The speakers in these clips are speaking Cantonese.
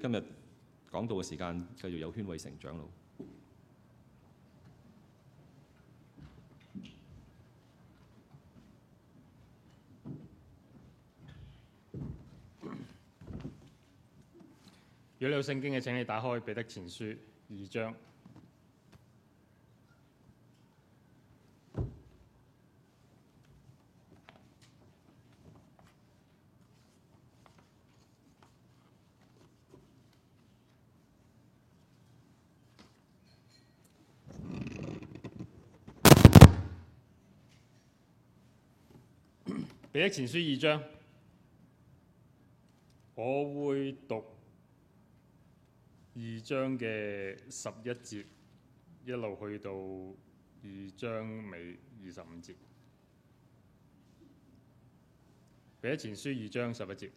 今日講到嘅時間，繼續有禤偉成長老。如果你有聖經嘅，請你打開彼得前書二章。《彼得前書》二章，我會讀二章嘅十一節，一路去到二章尾二十五節。《彼得前書》二章十一節：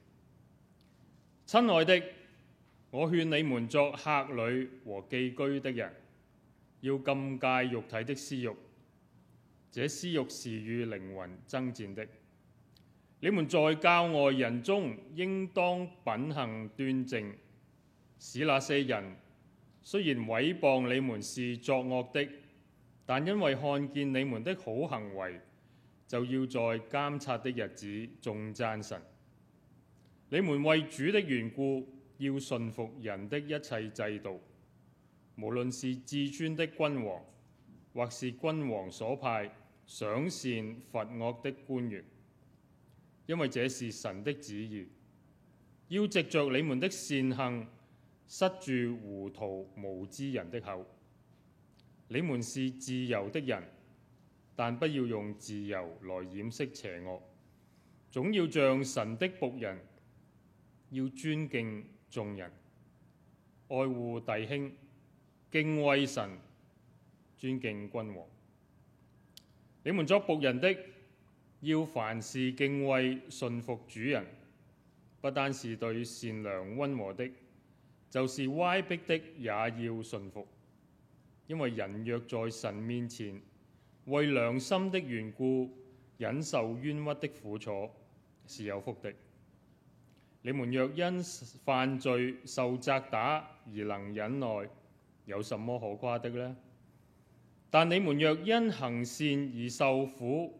親愛的，我勸你們作客旅和寄居的人，要禁戒肉體的私欲。這私欲是與靈魂爭戰的。你們在教外人中，應當品行端正，使那些人雖然毀謗你們是作惡的，但因為看見你們的好行為，就要在監察的日子重讚神。你們為主的緣故，要順服人的一切制度，無論是至尊的君王，或是君王所派賞善罰惡的官員。因為這是神的旨意，要藉着你們的善行，塞住糊塗無知人的口。你們是自由的人，但不要用自由來掩飾邪惡，總要像神的僕人，要尊敬眾人，愛護弟兄，敬畏神，尊敬君王。你們作僕人的。要凡事敬畏順服主人，不單是對善良溫和的，就是歪逼的也要順服。因為人若在神面前為良心的緣故忍受冤屈的苦楚是有福的。你們若因犯罪受責打而能忍耐，有什麼可誇的呢？但你們若因行善而受苦，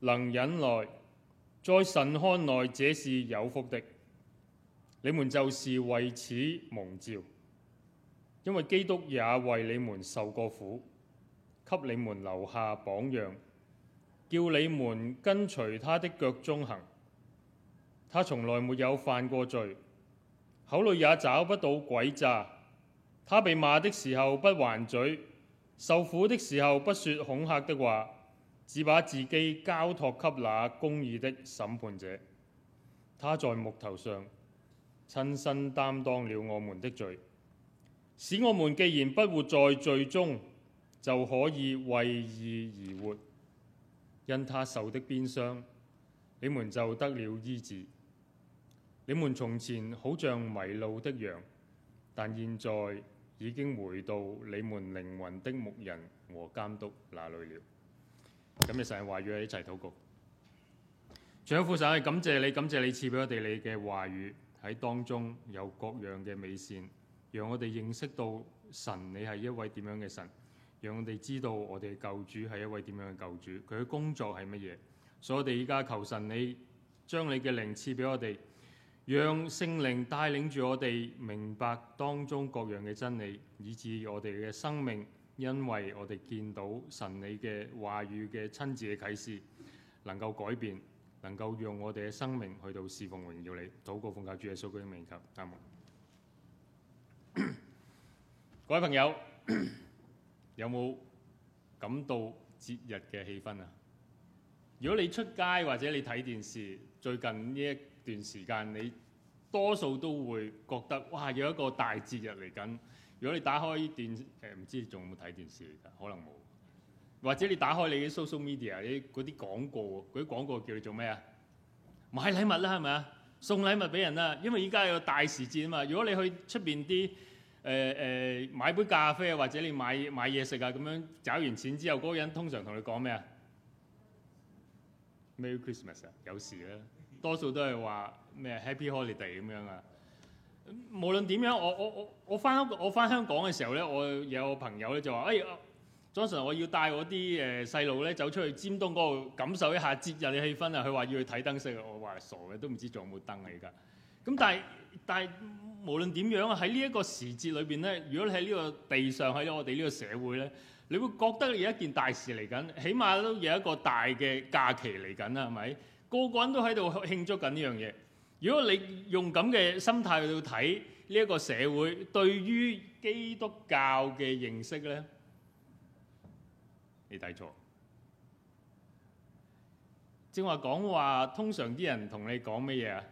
能忍耐，在神看來這是有福的。你們就是為此蒙召，因為基督也為你們受過苦，給你們留下榜樣，叫你們跟隨他的腳蹤行。他從來沒有犯過罪，口裏也找不到詭詐。他被罵的時候不還嘴，受苦的時候不說恐嚇的話。只把自己交託給那公義的審判者，他在木頭上親身擔當了我們的罪，使我們既然不活在罪中，就可以為義而活。因他受的鞭傷，你們就得了醫治。你們從前好像迷路的羊，但現在已經回到你們靈魂的牧人和監督那裡了。咁日成日話要一齊禱告，主父神，感謝你，感謝你賜俾我哋你嘅話語，喺當中有各樣嘅美善，讓我哋認識到神你係一位點樣嘅神，讓我哋知道我哋救主係一位點樣嘅救主，佢嘅工作係乜嘢，所以我哋依家求神你將你嘅靈賜俾我哋，讓聖靈帶領住我哋明白當中各樣嘅真理，以致我哋嘅生命。因為我哋見到神你嘅話語嘅親自嘅啟示，能夠改變，能夠讓我哋嘅生命去到侍奉榮耀你，禱告奉教主嘅名求，以及阿們。各位朋友 有冇感到節日嘅氣氛啊？如果你出街或者你睇電視，最近呢一段時間，你多數都會覺得哇，有一個大節日嚟緊。如果你打開電視，誒唔知仲有冇睇電視㗎？可能冇。或者你打開你嘅 social media，啲嗰啲廣告，嗰啲廣告叫你做咩啊？買禮物啦，係咪啊？送禮物俾人啊！因為依家有大時節啊嘛。如果你去出邊啲誒誒買杯咖啡啊，或者你買買嘢食啊，咁樣找完錢之後，嗰個人通常同你講咩啊？Merry Christmas 啊！有時啦，多數都係話咩 Happy Holiday 咁樣啊。無論點樣，我我我我翻香，我翻香港嘅時候咧，我有個朋友咧就話，哎，Johnson，我要帶我啲誒細路咧走出去尖東嗰度感受一下節日嘅氣氛啊！佢話要去睇燈飾，我話傻嘅，都唔知仲有冇燈啊！而家，咁但係但係無論點樣喺呢一個時節裏邊咧，如果你喺呢個地上喺我哋呢個社會咧，你會覺得有一件大事嚟緊，起碼都有一個大嘅假期嚟緊啦，係咪？個個人都喺度慶祝緊呢樣嘢。如果你用咁嘅心態去到睇呢一個社會對於基督教嘅認識咧，你睇錯。正話講話，通常啲人同你講乜嘢啊？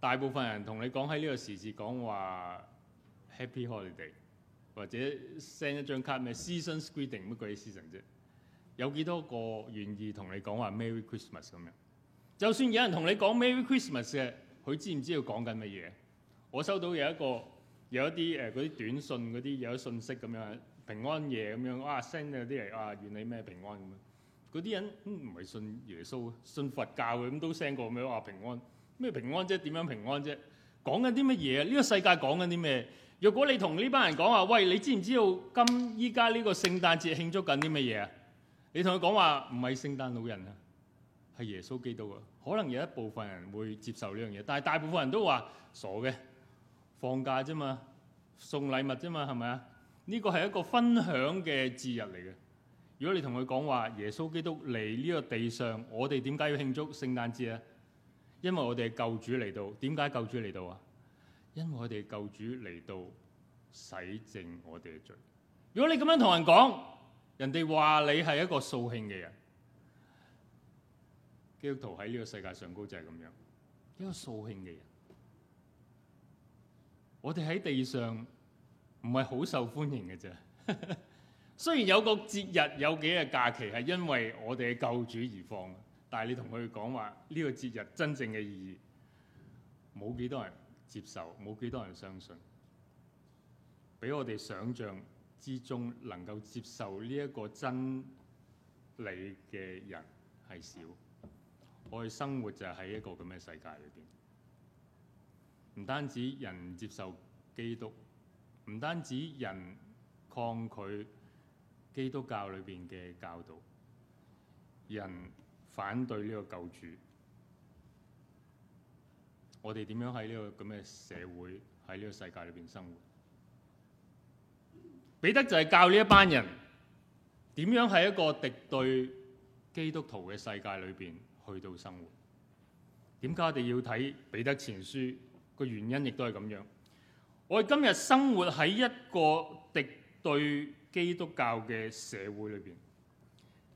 大部分人同你講喺呢個時節講話 Happy Holiday，或者 send 一張卡咩 Seasons Greeting 乜鬼 season 啫？有幾多個願意同你講話 Merry Christmas 咁樣？就算有人同你講 Merry Christmas 嘅。佢知唔知道講緊乜嘢？我收到有一個有一啲誒啲短信嗰啲有啲信息咁樣，平安夜咁樣，啊 send 啲嚟啊，願你咩平安咁樣，嗰啲人唔係信耶穌信佛教嘅，咁都 send 過咁樣話平安咩平安啫？點樣平安啫？講緊啲乜嘢啊？呢個世界講緊啲咩？若果你同呢班人講話，喂，你知唔知道今依家呢個聖誕節慶祝緊啲乜嘢啊？你同佢講話唔係聖誕老人啊！係耶穌基督啊！可能有一部分人會接受呢樣嘢，但係大部分人都話傻嘅，放假啫嘛，送禮物啫嘛，係咪啊？呢個係一個分享嘅節日嚟嘅。如果你同佢講話耶穌基督嚟呢個地上，我哋點解要慶祝聖誕節啊？因為我哋救主嚟到，點解救主嚟到啊？因為我哋救主嚟到洗淨我哋嘅罪。如果你咁樣同人講，人哋話你係一個掃興嘅人。基督徒喺呢個世界上高就係咁樣，一個掃興嘅人。我哋喺地上唔係好受歡迎嘅啫。雖然有個節日有幾日假期係因為我哋嘅救主而放，但係你同佢講話呢、這個節日真正嘅意義，冇幾多人接受，冇幾多人相信，比我哋想象之中能夠接受呢一個真理嘅人係少。我哋生活就喺一個咁嘅世界裏邊，唔單止人接受基督，唔單止人抗拒基督教裏邊嘅教導，人反對呢個救主。我哋點樣喺呢個咁嘅社會，喺呢個世界裏邊生活？彼得就係教呢一班人點樣喺一個敵對基督徒嘅世界裏邊。去到生活，點解我哋要睇彼得前書？個原因亦都係咁樣。我哋今日生活喺一個敵對基督教嘅社會裏面，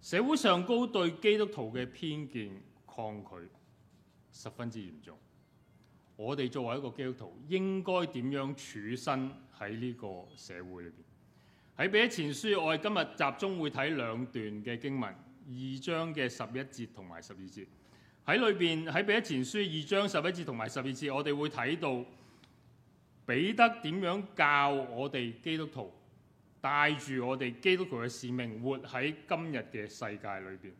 社會上高對基督徒嘅偏見抗拒十分之嚴重。我哋作為一個基督徒，應該點樣處身喺呢個社會裏面？喺彼得前書，我哋今日集中會睇兩段嘅經文。二章嘅十一節同埋十二節，喺裏邊，喺《彼得前書》二章十一節同埋十二節，我哋會睇到彼得點樣教我哋基督徒帶住我哋基督徒嘅使命，活喺今日嘅世界裏邊。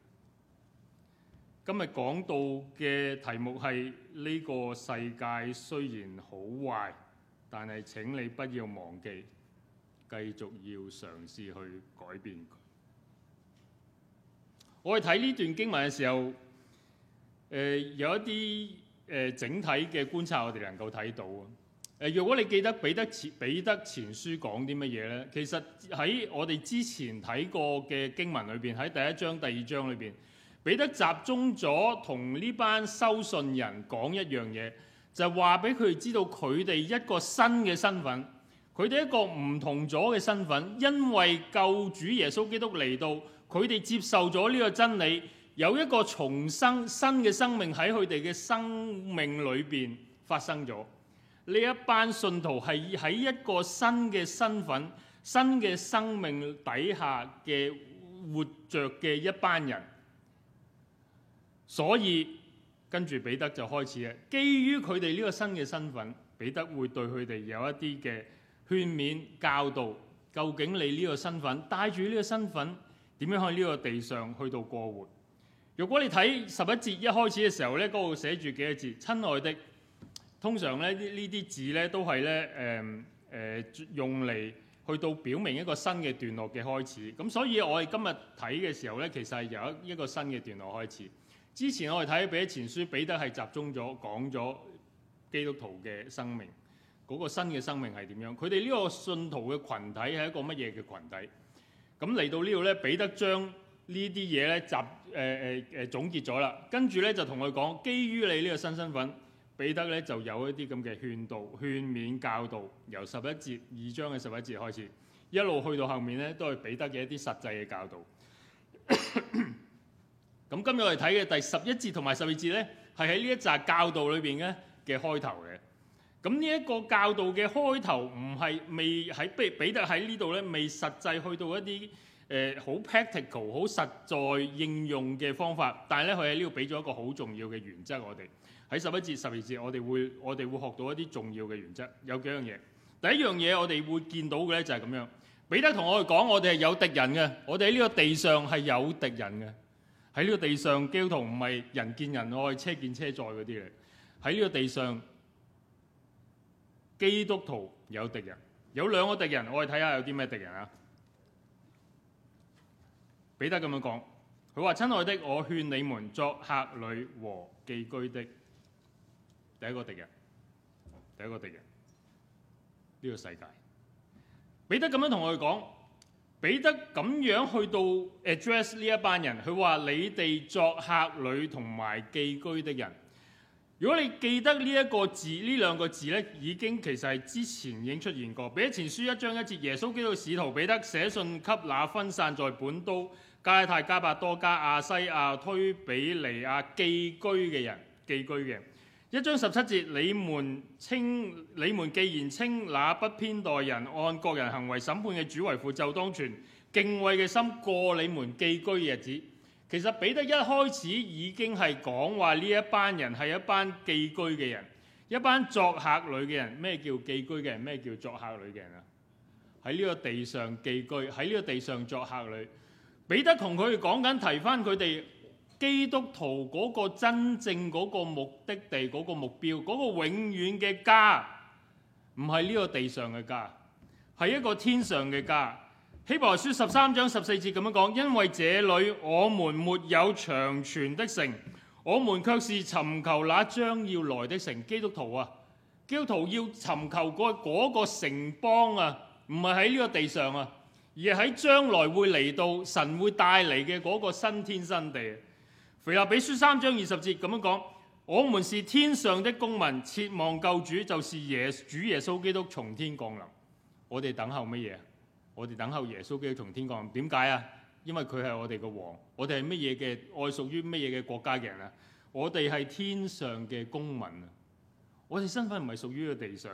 今日講到嘅題目係，呢個世界雖然好壞，但係請你不要忘記，繼續要嘗試去改變佢。我哋睇呢段經文嘅時候，誒、呃、有一啲誒、呃、整體嘅觀察我們能夠看到的，我哋能夠睇到啊！誒，如果你記得彼得前彼得前書講啲乜嘢咧，其實喺我哋之前睇過嘅經文裏邊，喺第一章、第二章裏邊，彼得集中咗同呢班收信人講一樣嘢，就話俾佢哋知道佢哋一個新嘅身份，佢哋一個唔同咗嘅身份，因為救主耶穌基督嚟到。佢哋接受咗呢個真理，有一個重生新嘅生命喺佢哋嘅生命裏邊發生咗。呢一班信徒係喺一個新嘅身份、新嘅生命底下嘅活着嘅一班人，所以跟住彼得就開始啊，基於佢哋呢個新嘅身份，彼得會對佢哋有一啲嘅勸勉教導。究竟你呢個身份帶住呢個身份，帶着這個身份點樣去呢個地上去到過活？如果你睇十一節一開始嘅時候呢嗰度寫住幾個字？親愛的，通常呢呢啲字呢都係呢誒誒、呃呃、用嚟去到表明一個新嘅段落嘅開始。咁所以我哋今日睇嘅時候呢，其實係由一個新嘅段落開始。之前我哋睇彼得前書，彼得係集中咗講咗基督徒嘅生命，嗰、那個新嘅生命係點樣？佢哋呢個信徒嘅群體係一個乜嘢嘅群體？咁嚟到呢度咧，彼得將呢啲嘢咧集，誒誒誒總結咗啦，跟住咧就同佢講，基於你呢個新身份，彼得咧就有一啲咁嘅勸導勸勉、教導，由十一節二章嘅十一節開始，一路去到後面咧都係彼得嘅一啲實際嘅教導。咁咳咳今日我哋睇嘅第十一節同埋十二節咧，係喺呢一集教導裏邊咧嘅開頭嘅。咁呢一個教導嘅開頭唔係未喺比彼得喺呢度咧，未實際去到一啲誒好 practical 好實在應用嘅方法，但係咧佢喺呢度俾咗一個好重要嘅原則，我哋喺十一，我哋，我哋喺十一節十二節，我哋會我哋會學到一啲重要嘅原則。有幾樣嘢，第一樣嘢我哋會見到嘅咧就係咁樣，彼得同我哋講，我哋係有敵人嘅，我哋喺呢個地上係有敵人嘅，喺呢個地上，基督徒唔係人見人愛、車見車載嗰啲嘅，喺呢個地上。基督徒有敵人，有兩個敵人，我哋睇下有啲咩敵人啊？彼得咁樣講，佢話：親愛的，我勸你們作客旅和寄居的。第一個敵人，第一個敵人，呢個世界。彼得咁樣同我哋講，彼得咁樣去到 address 呢一班人，佢話：你哋作客旅同埋寄居的人。如果你記得呢一、這個字，呢兩個字呢已經其實係之前已經出現過。彼得前書一章一節，耶穌基督使徒彼得寫信給那分散在本都、加利太、加百多、加亞西亞、推比利亞寄居嘅人，寄居嘅一章十七節：你們稱，你們既然稱那不偏待人，按各人行為審判嘅主為父，就當存敬畏嘅心過你們寄居的日子。其實彼得一開始已經係講話呢一班人係一班寄居嘅人，一班作客旅嘅人。咩叫寄居嘅人？咩叫作客旅嘅人啊？喺呢個地上寄居，喺呢個地上作客旅。彼得同佢哋講緊，提翻佢哋基督徒嗰個真正嗰個目的地，嗰個目標，嗰個永遠嘅家，唔係呢個地上嘅家，係一個天上嘅家。希伯來書十三章十四節咁樣講，因為這裏我們沒有長存的城，我們卻是尋求那將要來的城。基督徒啊，基督徒要尋求嗰、那、嗰、個那個城邦啊，唔係喺呢個地上啊，而喺將來會嚟到神會帶嚟嘅嗰個新天新地。腓立比書三章二十節咁樣講，我們是天上的公民，切望救主，就是耶主耶穌基督從天降臨。我哋等候乜嘢？我哋等候耶穌基督從天降。點解啊？因為佢係我哋嘅王，我哋係乜嘢嘅？我係屬於乜嘢嘅國家嘅人啊？我哋係天上嘅公民啊！我哋身份唔係屬於個地上。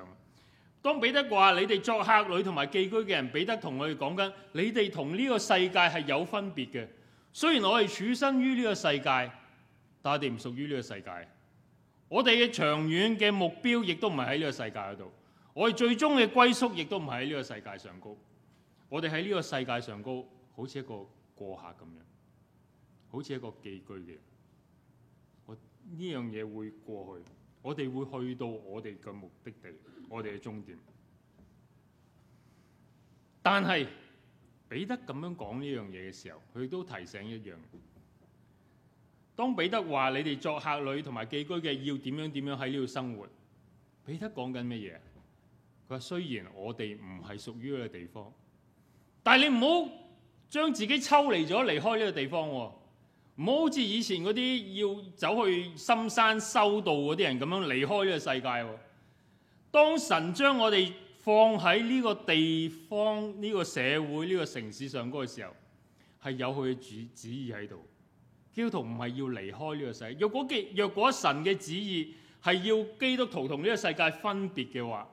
當彼得話你哋作客旅同埋寄居嘅人，彼得同我哋講緊，你哋同呢個世界係有分別嘅。雖然我哋處身於呢個世界，但係我哋唔屬於呢個世界。我哋嘅長遠嘅目標亦都唔係喺呢個世界嗰度。我哋最終嘅歸宿亦都唔係喺呢個世界上高。我哋喺呢個世界上高，好似一個過客咁樣，好似一個寄居嘅人。我呢樣嘢會過去，我哋會去到我哋嘅目的地，我哋嘅終點。但係彼得咁樣講呢樣嘢嘅時候，佢都提醒一樣，當彼得話你哋作客旅同埋寄居嘅要點樣點樣喺呢度生活，彼得講緊乜嘢？佢話雖然我哋唔係屬於呢個地方。但係你唔好將自己抽離咗，離開呢個地方，哦。唔好好似以前嗰啲要走去深山修道嗰啲人咁樣離開呢個世界，哦。當神將我哋放喺呢個地方、呢個社會、呢個城市上高嘅時候，係有佢嘅旨旨意喺度。基督徒唔係要離開呢個世界。若果若果神嘅旨意係要基督徒同呢個世界分別嘅話，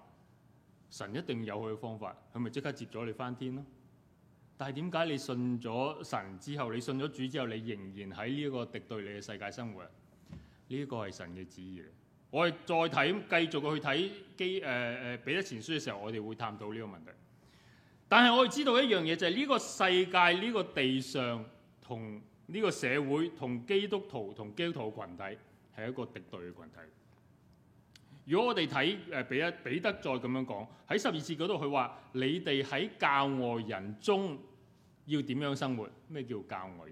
神一定有佢嘅方法，係咪即刻接咗你返天咯？但係點解你信咗神之後，你信咗主之後，你仍然喺呢一個敵對你嘅世界生活？呢、這、一個係神嘅旨意。我哋再睇，繼續去睇基誒誒彼得前書嘅時候，我哋會探討呢個問題。但係我哋知道一樣嘢，就係、是、呢個世界、呢、這個地上同呢個社會同基督徒同基督徒群體係一個敵對嘅群體。如果我哋睇誒彼得彼得再咁樣講，喺十二節嗰度佢話：你哋喺教外人中。要點樣生活？咩叫教外？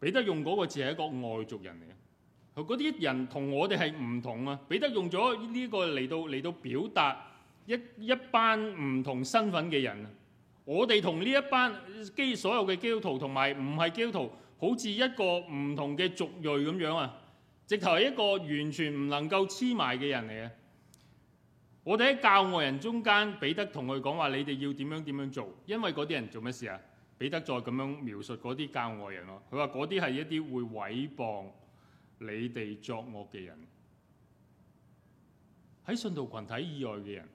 彼得用嗰個字係一個外族人嚟嘅，佢嗰啲人同我哋係唔同啊！彼得用咗呢個嚟到嚟到表達一一班唔同身份嘅人啊！我哋同呢一班基所有嘅基督徒同埋唔係基督徒，好似一個唔同嘅族裔咁樣啊！直頭係一個完全唔能夠黐埋嘅人嚟嘅。我哋喺教外人中間，彼得同佢講話：你哋要點樣點樣做？因為嗰啲人做乜事啊？彼得再咁樣描述嗰啲教外人咯，佢話嗰啲係一啲會毀謗你哋作惡嘅人，喺信徒群體以外嘅人，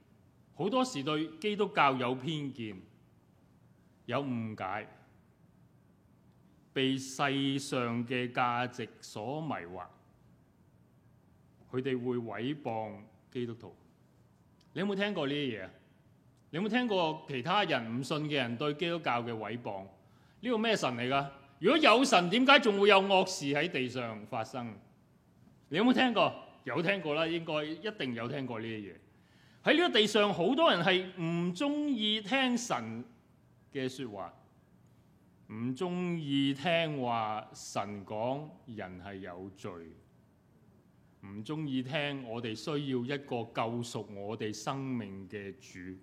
好多時對基督教有偏見、有誤解，被世上嘅價值所迷惑，佢哋會毀謗基督徒。你有冇聽過呢啲嘢啊？你有冇聽過其他人唔信嘅人對基督教嘅誹謗？呢個咩神嚟㗎？如果有神，點解仲會有惡事喺地上發生？你有冇聽過？有聽過啦，應該一定有聽過呢啲嘢。喺呢個地上，好多人係唔中意聽神嘅說話，唔中意聽話神講，人係有罪。唔中意聽我哋需要一個救贖我哋生命嘅主，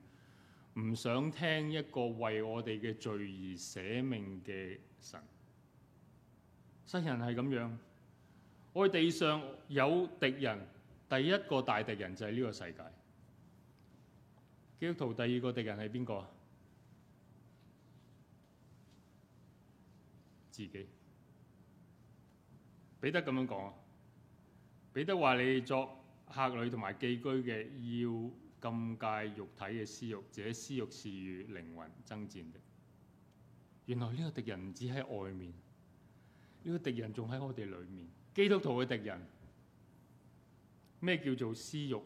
唔想聽一個為我哋嘅罪而捨命嘅神。世人係咁樣，我哋地上有敵人，第一個大敵人就係呢個世界。基督徒第二個敵人係邊個啊？自己。彼得咁樣講啊。彼得話：你作客旅同埋寄居嘅，要禁戒肉體嘅私慾，且私欲是與靈魂爭戰的。原來呢個敵人唔止喺外面，呢、這個敵人仲喺我哋裡面。基督徒嘅敵人，咩叫做私欲？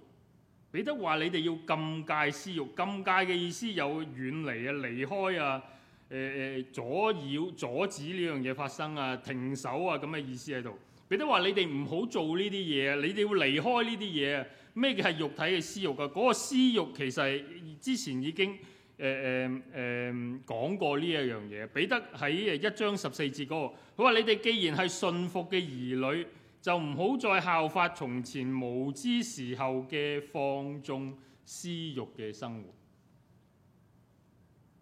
彼得話：你哋要禁戒私欲，禁戒嘅意思有遠離啊、離開啊、誒誒阻擾、阻止呢樣嘢發生啊、停手啊咁嘅意思喺度。彼得話：你哋唔好做呢啲嘢，你哋要離開呢啲嘢。咩叫係肉體嘅私慾啊？嗰、那個私慾其實之前已經誒誒誒講過呢一樣嘢。彼得喺誒一章十四節嗰度，佢話：你哋既然係信服嘅兒女，就唔好再效法從前無知時候嘅放縱私慾嘅生活。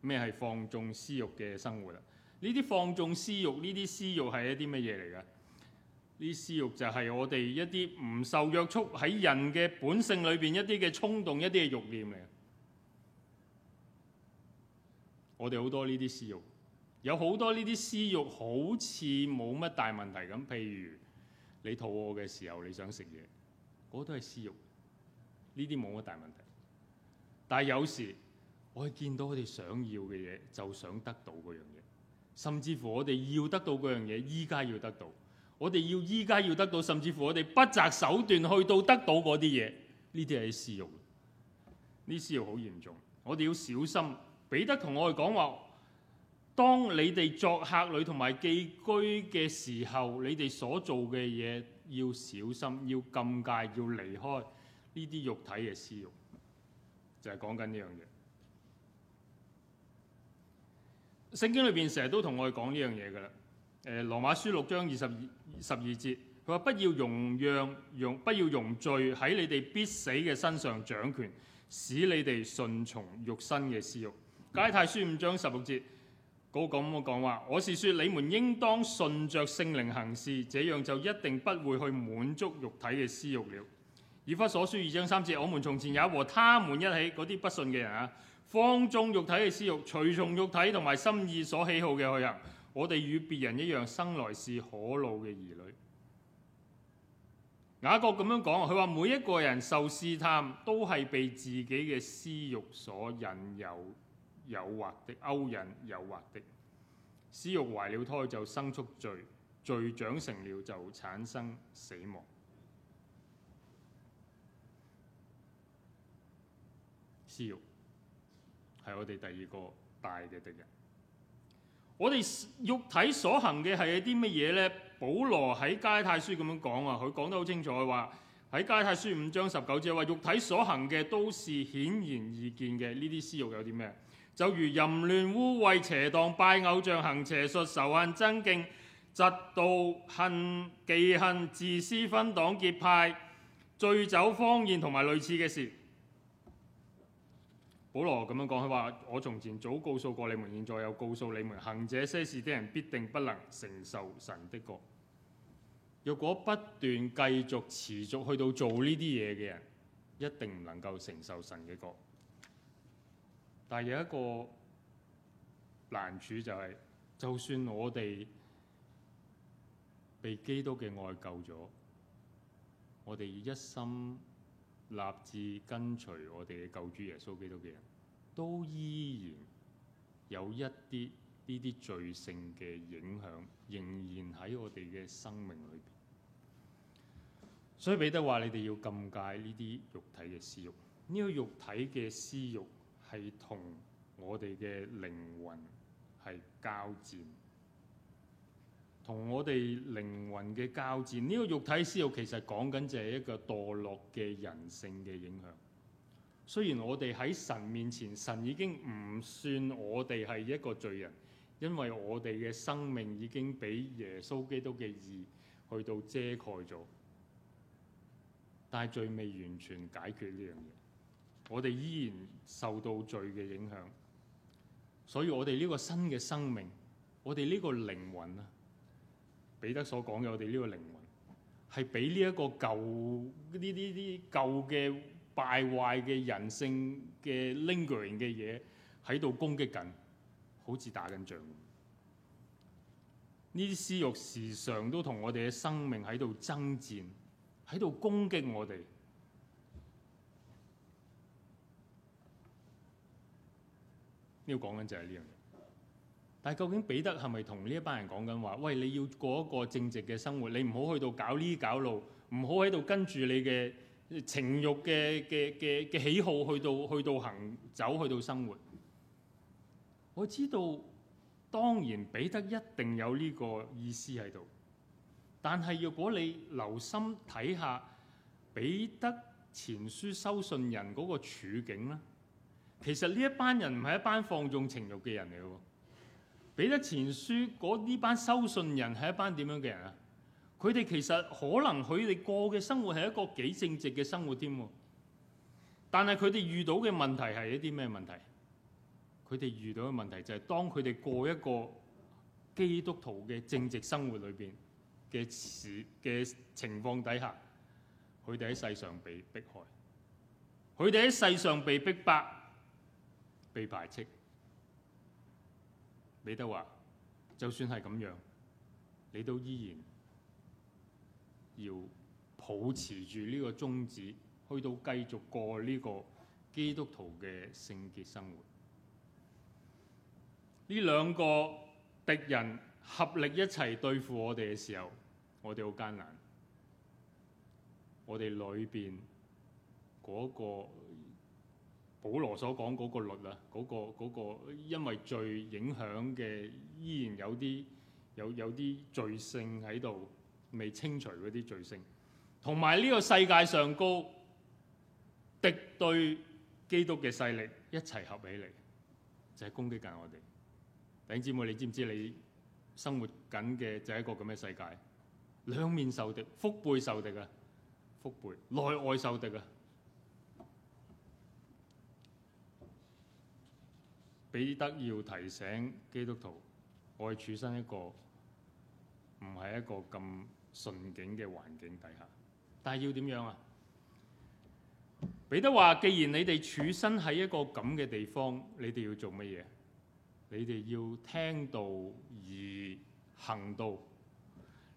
咩係放縱私慾嘅生活啊？呢啲放縱私慾，呢啲私慾係一啲乜嘢嚟噶？呢啲私欲就係我哋一啲唔受約束喺人嘅本性裏邊一啲嘅衝動、一啲嘅慾念嚟。我哋好多呢啲私欲，有好多呢啲私欲好似冇乜大問題咁。譬如你肚餓嘅時候，你想食嘢，嗰都係私欲，呢啲冇乜大問題。但係有時我哋見到我哋想要嘅嘢，就想得到嗰樣嘢，甚至乎我哋要得到嗰樣嘢，依家要得到。我哋要依家要得到，甚至乎我哋不擇手段去到得到嗰啲嘢，呢啲係私欲，呢私欲好嚴重。我哋要小心。彼得同我哋講話，當你哋作客旅同埋寄居嘅時候，你哋所做嘅嘢要小心，要禁戒，要離開呢啲肉體嘅私欲，就係講緊呢樣嘢。聖經裏邊成日都同我哋講呢樣嘢噶啦。誒羅馬書六章二十二十二節，佢話不要容讓容不要容罪喺你哋必死嘅身上掌權，使你哋順從肉身嘅私慾。加太書五章十六節嗰個講,講話，我是説你們應當順着聖靈行事，這樣就一定不會去滿足肉體嘅私慾了。以弗所書二章三節，我們從前也和他們一起，嗰啲不信嘅人啊，放縱肉體嘅私慾，隨從肉體同埋心意所喜好嘅去行。我哋與別人一樣，生來是可怒嘅兒女。雅各咁樣講，佢話每一個人受試探，都係被自己嘅私欲所引誘、誘惑的勾引、誘惑的。私欲懷了胎就生出罪，罪長成了就產生死亡。私欲係我哋第二個大嘅敵人。我哋肉體所行嘅係啲咩嘢呢？保羅喺加拉太書咁樣講啊，佢講得好清楚啊，話喺加拉太書五章十九節話，肉體所行嘅都是顯而易見嘅。呢啲私慾有啲咩？就如淫亂、污穢、邪蕩、拜偶像、行邪術、仇恨、爭競、嫉妒、恨忌恨、自私、分黨結派、醉酒、荒宴同埋類似嘅事。保羅咁樣講，佢話：我從前早告訴過你們，現在又告訴你們，行這些事的人必定不能承受神的國。若果不斷繼續持續去到做呢啲嘢嘅人，一定唔能夠承受神嘅國。但係有一個難處就係、是，就算我哋被基督嘅愛救咗，我哋一心。立志跟隨我哋嘅救主耶穌基督嘅人都依然有一啲呢啲罪性嘅影響，仍然喺我哋嘅生命裏邊。所以彼得話：你哋要禁戒呢啲肉體嘅私欲。呢個肉體嘅私欲係同我哋嘅靈魂係交戰。同我哋靈魂嘅交戰呢、呢個肉體私欲，其實講緊就係一個墮落嘅人性嘅影響。雖然我哋喺神面前，神已經唔算我哋係一個罪人，因為我哋嘅生命已經俾耶穌基督嘅義去到遮蓋咗。但係罪未完全解決呢樣嘢，我哋依然受到罪嘅影響。所以，我哋呢個新嘅生命，我哋呢個靈魂啊。彼得所講嘅我哋呢個靈魂，係俾呢一個舊呢啲啲舊嘅敗壞嘅人性嘅 lingering 嘅嘢喺度攻擊緊，好似打緊仗。呢啲私欲時常都同我哋嘅生命喺度爭戰，喺度攻擊我哋。呢度講緊就係呢樣嘢。但係究竟彼得係咪同呢一班人講緊話？喂，你要過一個正直嘅生活，你唔好去到搞呢搞路，唔好喺度跟住你嘅情慾嘅嘅嘅嘅喜好去到去到行走去到生活。我知道，當然彼得一定有呢個意思喺度。但係若果你留心睇下彼得前書收信人嗰個處境咧，其實呢一班人唔係一班放縱情慾嘅人嚟喎。彼得前書嗰呢班收信人係一班點樣嘅人啊？佢哋其實可能佢哋過嘅生活係一個幾正直嘅生活添，但係佢哋遇到嘅問題係一啲咩問題？佢哋遇到嘅問題就係當佢哋過一個基督徒嘅正直生活裏邊嘅時嘅情況底下，佢哋喺世上被迫害，佢哋喺世上被逼迫、被排斥。彼得話：就算係咁樣，你都依然要保持住呢個宗旨，去到繼續過呢個基督徒嘅聖潔生活。呢兩個敵人合力一齊對付我哋嘅時候，我哋好艱難。我哋裏面嗰、那個。保羅所講嗰個律啊，嗰個嗰個，因為罪影響嘅依然有啲有有啲罪性喺度，未清除嗰啲罪性，同埋呢個世界上高敵對基督嘅勢力一齊合起嚟，就係攻擊緊我哋。弟兄姊妹，你知唔知你生活緊嘅就係一個咁嘅世界，兩面受敵，腹背受敵啊，腹背內外受敵啊。彼得要提醒基督徒，我係處身一個唔係一個咁順境嘅環境底下，但係要點樣啊？彼得話，既然你哋處身喺一個咁嘅地方，你哋要做乜嘢？你哋要聽道而行道，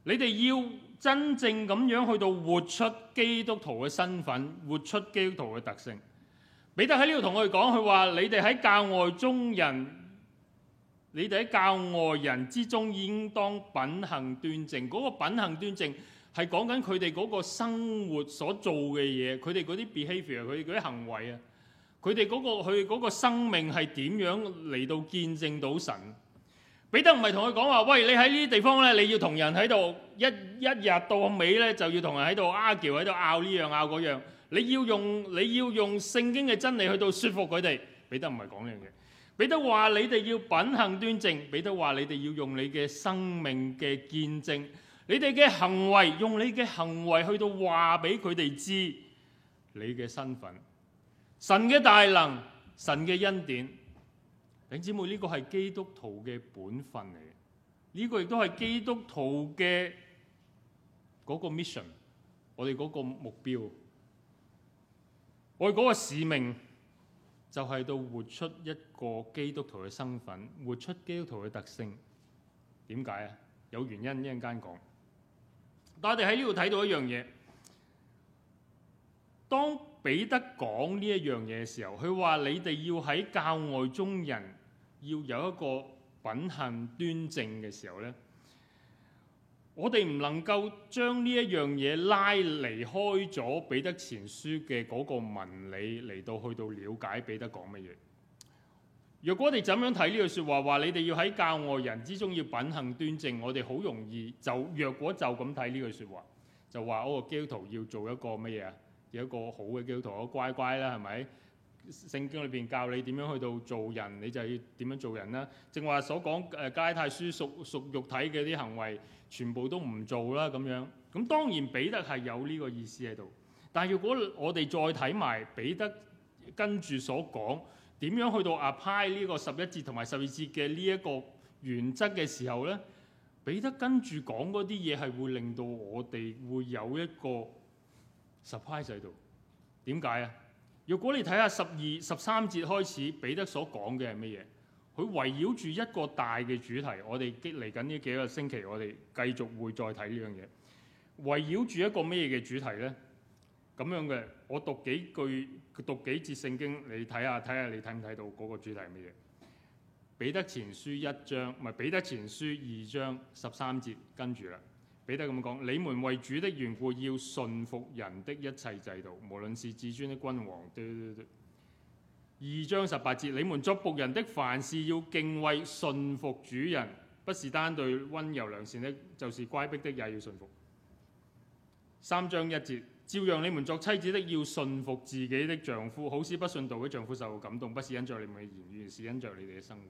你哋要真正咁樣去到活出基督徒嘅身份，活出基督徒嘅特性。彼得喺呢度同我哋講，佢話你哋喺教外中人，你哋喺教外人之中，應當品行端正。嗰個品行端正係講緊佢哋嗰個生活所做嘅嘢，佢哋嗰啲 behavior，佢哋嗰啲行為啊，佢哋嗰個佢嗰個生命係點樣嚟到見證到神。彼得唔係同佢講話，喂，你喺呢啲地方咧，你要同人喺度一一日到尾咧，就要同人喺度 argue 喺度拗呢樣拗嗰樣。你要用你要用聖經嘅真理去到說服佢哋。彼得唔係講呢樣嘢，彼得話你哋要品行端正，彼得話你哋要用你嘅生命嘅見證，你哋嘅行為，用你嘅行為去到話俾佢哋知你嘅身份、神嘅大能、神嘅恩典。弟兄姊妹，呢個係基督徒嘅本分嚟，呢個亦都係基督徒嘅嗰個 mission，我哋嗰個目標。我哋嗰個使命就係、是、到活出一個基督徒嘅身份，活出基督徒嘅特性。點解啊？有原因呢一陣間講。但係我哋喺呢度睇到一樣嘢，當彼得講呢一樣嘢嘅時候，佢話你哋要喺教外中人要有一個品行端正嘅時候咧。我哋唔能夠將呢一樣嘢拉離開咗彼得前書嘅嗰個文理嚟到去到了解彼得講乜嘢。若果我哋怎樣睇呢句説話，話你哋要喺教外人之中要品行端正，我哋好容易就若果就咁睇呢句説話，就話哦，基督徒要做一個乜嘢啊？有一個好嘅基督徒，乖乖啦，係咪？聖經裏邊教你點樣去到做人，你就要點樣做人啦。正話所講誒，加拉太書屬屬肉體嘅啲行為，全部都唔做啦咁樣。咁當然彼得係有呢個意思喺度，但係如果我哋再睇埋彼得跟住所講點樣去到 apply 呢個十一節同埋十二節嘅呢一個原則嘅時候呢，彼得跟住講嗰啲嘢係會令到我哋會有一個 surprise 喺度。點解啊？如果你睇下十二十三節開始，彼得所講嘅係乜嘢？佢圍繞住一個大嘅主題。我哋激嚟緊呢幾個星期，我哋繼續會再睇呢樣嘢。圍繞住一個咩嘢嘅主題呢？咁樣嘅，我讀幾句，讀幾節聖經，你睇下，睇下你睇唔睇到嗰個主題係乜嘢？彼得前書一章，唔係，彼得前書二章，十三節，跟住啦。.彼得咁講：你們為主的緣故要順服人的一切制度，無論是至尊的君王。對對對對，二章十八節，你們作僕人的凡事要敬畏、順服主人，不是單對溫柔良善的，就是乖僻的也要順服。三章一節，照樣你們作妻子的要順服自己的丈夫，好使不信道的丈夫受感動，不是因著你們嘅言語，而是因著你哋嘅生活。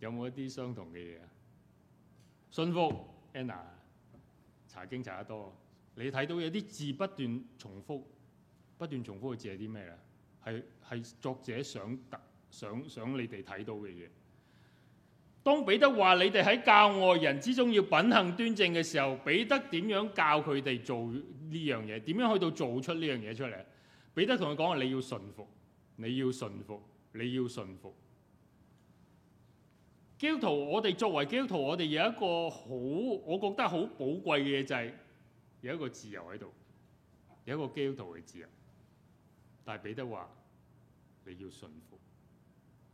有冇一啲相同嘅嘢啊？順服。Anna，查經查得多，你睇到有啲字不斷重複，不斷重複嘅字係啲咩咧？係係作者想特想想你哋睇到嘅嘢。當彼得話你哋喺教外人之中要品行端正嘅時候，彼得點樣教佢哋做呢樣嘢？點樣去到做出呢樣嘢出嚟？彼得同佢講話：你要順服，你要順服，你要順服。基督徒，我哋作為基督徒，我哋有一個好，我覺得好寶貴嘅嘢就係有一個自由喺度，有一個基督徒嘅自由。但係彼得話：你要信服，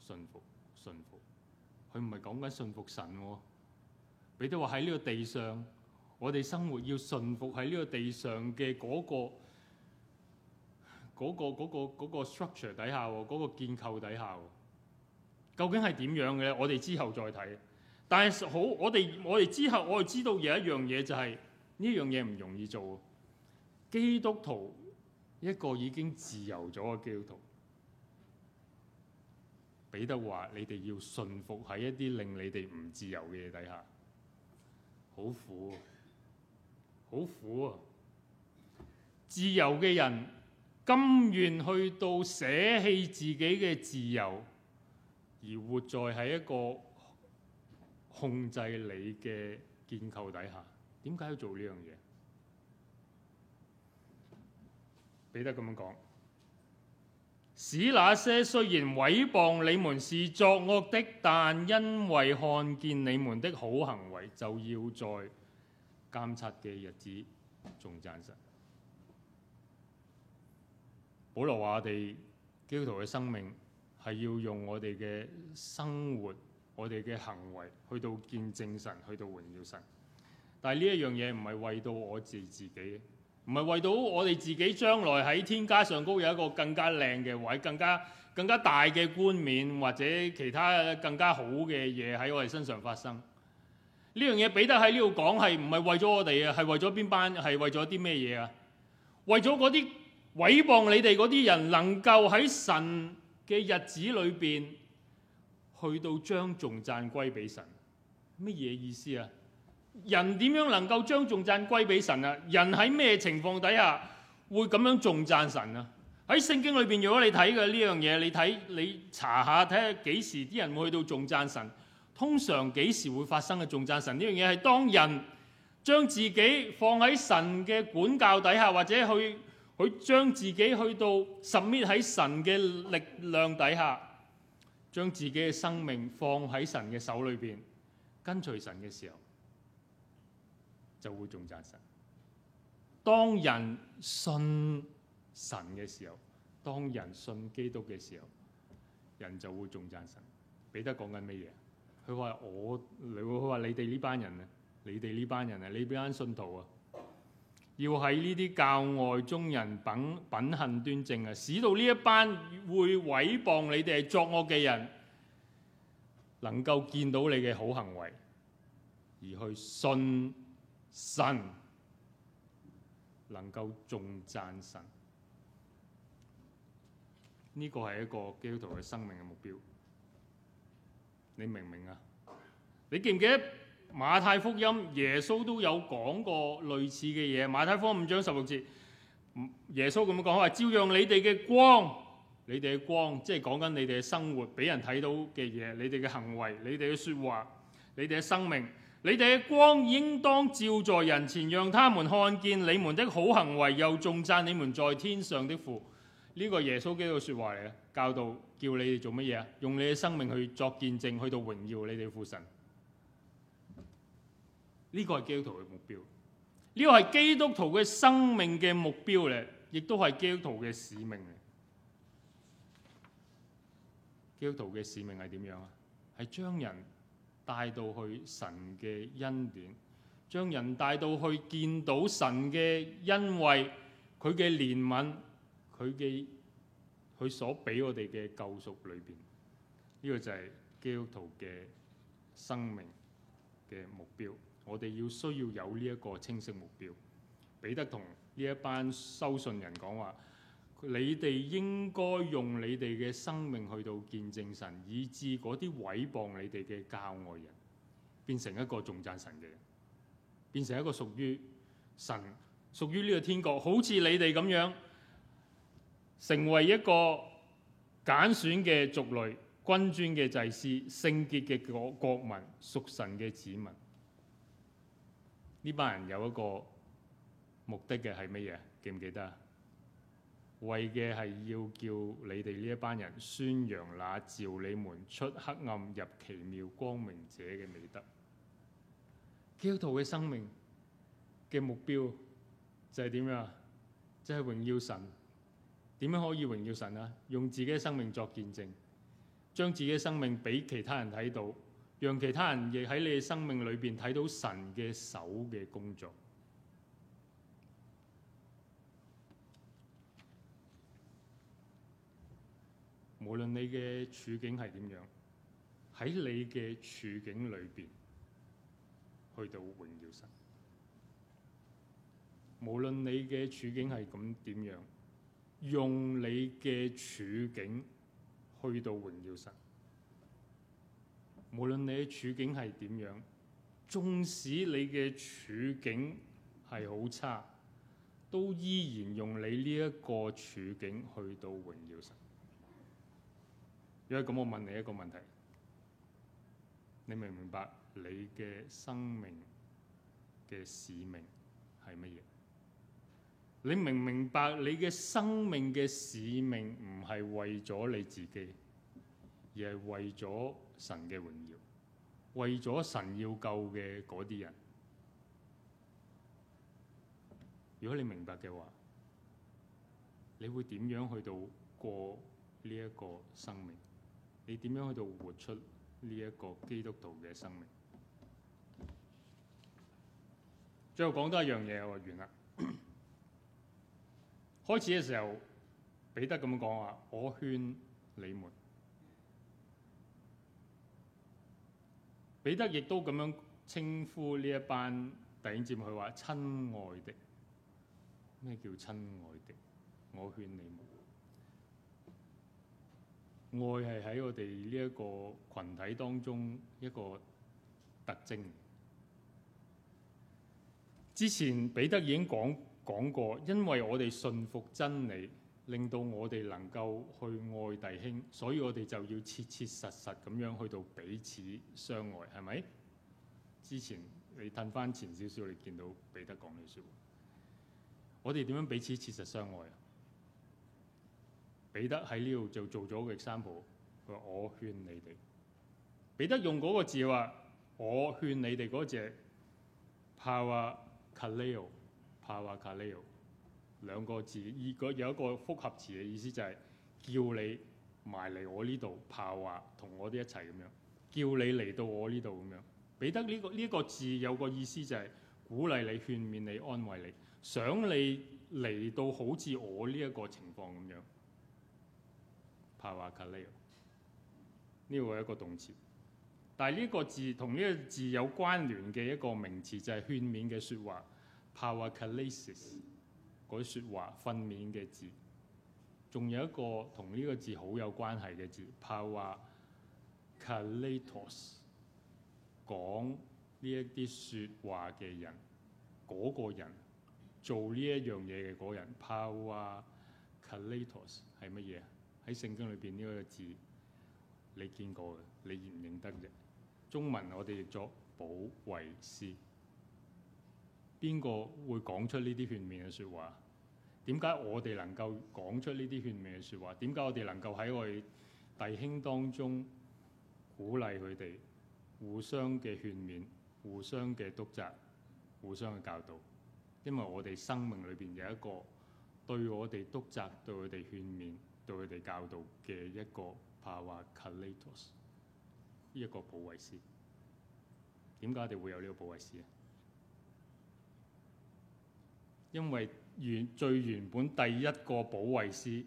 信服，信服。佢唔係講緊信服神喎。彼得話喺呢個地上，我哋生活要信服喺呢個地上嘅嗰個、嗰個、嗰個、嗰個 structure 底下喎，嗰個建構底下。究竟係點樣嘅咧？我哋之後再睇。但係好，我哋我哋之後我哋知道有一樣嘢就係呢樣嘢唔容易做。基督徒一個已經自由咗嘅基督徒，彼得話：你哋要順服喺一啲令你哋唔自由嘅嘢底下，好苦啊，好苦啊。自由嘅人甘願去到捨棄自己嘅自由。而活在喺一個控制你嘅建構底下，點解要做呢樣嘢？彼得咁樣講，使那些雖然毀謗你們是作惡的，但因為看見你們的好行為，就要在監察嘅日子，仲讚實。保羅話：我哋基督徒嘅生命。係要用我哋嘅生活，我哋嘅行為去到見證神，去到榮耀神。但係呢一樣嘢唔係為到我自己自己，唔係為到我哋自己將來喺天家上高有一個更加靚嘅位，更加更加大嘅冠冕，或者其他更加好嘅嘢喺我哋身上發生。呢樣嘢彼得喺呢度講係唔係為咗我哋啊？係為咗邊班？係為咗啲咩嘢啊？為咗嗰啲毀謗你哋嗰啲人能夠喺神。嘅日子裏邊，去到將眾讚歸俾神，乜嘢意思啊？人點樣能夠將眾讚歸俾神啊？人喺咩情況底下會咁樣眾讚神啊？喺聖經裏邊，如果你睇嘅呢樣嘢，你睇你查下，睇下幾時啲人會去到眾讚神。通常幾時會發生嘅眾讚神呢樣嘢？係當人將自己放喺神嘅管教底下，或者去。佢將自己去到 submit 喺神嘅力量底下，將自己嘅生命放喺神嘅手裏邊，跟隨神嘅時候就會重讚神。當人信神嘅時候，當人信基督嘅時候，人就會重讚神。彼得講緊乜嘢？佢話我，佢話你，佢話你哋呢班人啊，你哋呢班人啊，你班信徒啊。要喺呢啲教外中人品品行端正啊，使到呢一班會誹謗你哋係作惡嘅人，能夠見到你嘅好行為，而去信神，能夠頌讚神，呢個係一個基督徒嘅生命嘅目標。你明唔明啊？你記唔記得？馬太福音耶穌都有講過類似嘅嘢。馬太福音五章十六節，耶穌咁樣講：話照樣你哋嘅光，你哋嘅光，即係講緊你哋嘅生活，俾人睇到嘅嘢，你哋嘅行為，你哋嘅說話，你哋嘅生命，你哋嘅光，應當照在人前，讓他們看見你們的好行為，又頌讚你們在天上的父。呢、這個耶穌基督嘅說話嚟嘅，教導叫你哋做乜嘢啊？用你嘅生命去作見證，去到榮耀你哋父神。呢個係基督徒嘅目標，呢個係基督徒嘅生命嘅目標咧，亦都係基督徒嘅使命嚟。基督徒嘅使命係點樣啊？係將人帶到去神嘅恩典，將人帶到去見到神嘅恩惠，佢嘅憐憫，佢嘅佢所俾我哋嘅救贖裏邊，呢個就係基督徒嘅生命嘅目標。我哋要需要有呢一個清晰目標，彼得同呢一班收信人講話，你哋應該用你哋嘅生命去到見證神，以致嗰啲毀謗你哋嘅教外人變成一個重讚神嘅人，變成一個屬於神、屬於呢個天國好似你哋咁樣成為一個揀選嘅族類君尊嘅祭司、聖潔嘅國國民、屬神嘅子民。呢班人有一個目的嘅係乜嘢，記唔記得？為嘅係要叫你哋呢一班人宣揚那召你們出黑暗入奇妙光明者嘅美德。基督徒嘅生命嘅目標就係點樣？就係榮耀神。點樣可以榮耀神啊？用自己嘅生命作見證，將自己嘅生命俾其他人睇到。讓其他人亦喺你嘅生命裏面睇到神嘅手嘅工作。無論你嘅處境係點樣，喺你嘅處境裏面去到榮耀神。無論你嘅處境係咁點樣，用你嘅處境去到榮耀神。無論你嘅處境係點樣，縱使你嘅處境係好差，都依然用你呢一個處境去到榮耀神。因為咁，我問你一個問題：你明唔明，明白你嘅生命嘅使命係乜嘢？你明唔明白你嘅生命嘅使命唔係為咗你自己，而係為咗神嘅榮耀，為咗神要救嘅嗰啲人，如果你明白嘅話，你會點樣去到過呢一個生命？你點樣去到活出呢一個基督徒嘅生命？最後講多一樣嘢，我話完啦。開始嘅時候，彼得咁講話，我勸你們。彼得亦都咁樣稱呼呢一班，突然之間佢話親愛的，咩叫親愛的？我勸你，愛係喺我哋呢一個群體當中一個特徵。之前彼得已經講講過，因為我哋信服真理。令到我哋能夠去愛弟兄，所以我哋就要切切實實咁樣去到彼此相愛，係咪？之前你褪翻前少少，你見到彼得講嘅說話。我哋點樣彼此切實相愛啊？彼得喺呢度就做咗個 example，佢話：我勸你哋。彼得用嗰個字話：我勸你哋嗰隻。兩個字，以個有一個複合詞嘅意思，就係叫你埋嚟我呢度，Para 同我哋一齊咁樣。叫你嚟到我呢度咁樣。彼得呢個呢一、呢個、字有個意思就係鼓勵你、勸勉你、安慰你，想你嚟到好似我呢一個情況咁樣。Parakaleo 呢個係一個動詞，但係呢個字同呢個字有關聯嘅一個名詞就係勸勉嘅説話，Paraklesis。嗰啲説話、片面嘅字，仲有一個同呢個字好有關係嘅字，Power calatus 講呢一啲説話嘅人，嗰、嗰個人做呢一樣嘢嘅嗰人，Power calatus 係乜嘢？喺聖經裏邊呢個字你見過嘅，你認唔認得嘅。中文我哋譯作保衞師，邊個會講出呢啲片面嘅説話？點解我哋能夠講出呢啲勸勉嘅説話？點解我哋能夠喺我哋弟兄當中鼓勵佢哋互相嘅勸勉、互相嘅督責、互相嘅教導？因為我哋生命裏邊有一個對我哋督責、對佢哋勸勉、對佢哋教導嘅一個 Parakletos，一個保惠師。點解我哋會有呢個保惠師啊？因為原最原本第一個保惠師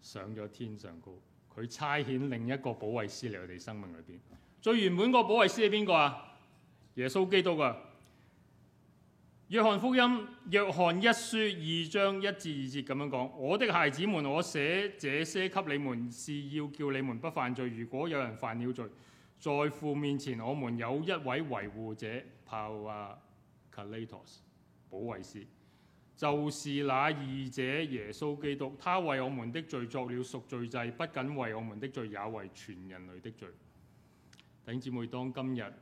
上咗天上高，佢差遣另一個保惠師嚟我哋生命裏邊。最原本個保惠師係邊個啊？耶穌基督啊！約翰福音約翰一書二章一至二節咁樣講：我的孩子們，我寫這些給你們，是要叫你們不犯罪。如果有人犯了罪，在父面前，我們有一位維護者，Parakletos。保惠師就是那義者耶穌基督，他為我們的罪作了贖罪祭，不僅為我們的罪，也為全人類的罪。弟兄姊妹，當今日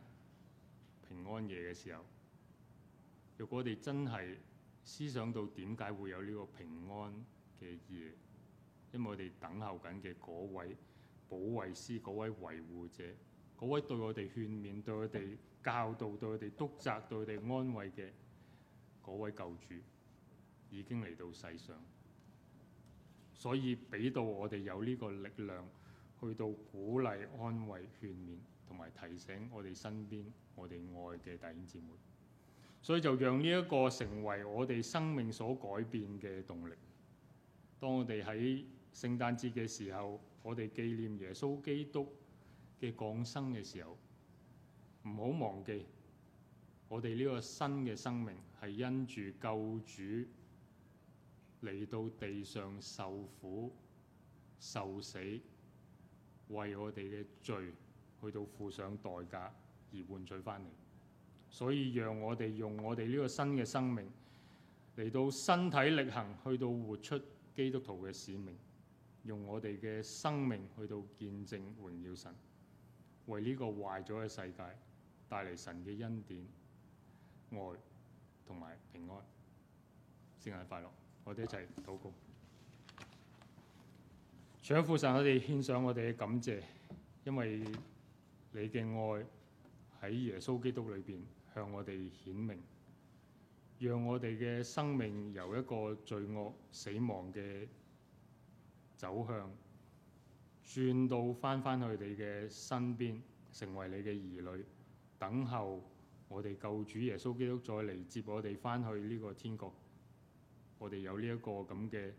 平安夜嘅時候，若果我哋真係思想到點解會有呢個平安嘅夜，因為我哋等候緊嘅嗰位保惠師，嗰位維護者，嗰位對我哋勸勉、對我哋教導、對我哋督責、對我哋安慰嘅。嗰位救主已經嚟到世上，所以俾到我哋有呢個力量，去到鼓勵、安慰、勸勉同埋提醒我哋身邊我哋愛嘅弟兄姊妹。所以就讓呢一個成為我哋生命所改變嘅動力。當我哋喺聖誕節嘅時候，我哋紀念耶穌基督嘅降生嘅時候，唔好忘記。我哋呢個新嘅生命係因住救主嚟到地上受苦受死，為我哋嘅罪去到付上代價而換取翻嚟，所以讓我哋用我哋呢個新嘅生命嚟到身體力行，去到活出基督徒嘅使命，用我哋嘅生命去到見證榮耀神，為呢個壞咗嘅世界帶嚟神嘅恩典。愛同埋平安，聖誕快樂！我哋一齊禱告。除咗父神，我哋獻上我哋嘅感謝，因為你嘅愛喺耶穌基督裏邊向我哋顯明，讓我哋嘅生命由一個罪惡死亡嘅走向轉到翻返去你嘅身邊，成為你嘅兒女，等候。我哋救主耶穌基督再嚟接我哋翻去呢個天國，我哋有呢一個咁嘅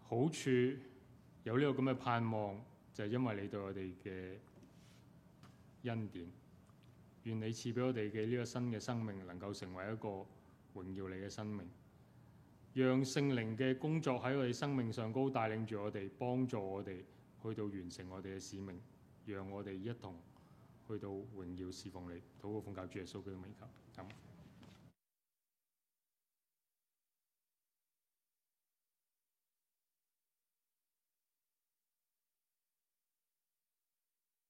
好處，有呢個咁嘅盼望，就係因為你對我哋嘅恩典。願你賜俾我哋嘅呢個新嘅生命，能夠成為一個榮耀你嘅生命。讓聖靈嘅工作喺我哋生命上高帶領住我哋，幫助我哋去到完成我哋嘅使命。讓我哋一同。去到榮耀侍奉你，禱告奉教主耶穌，基督名求。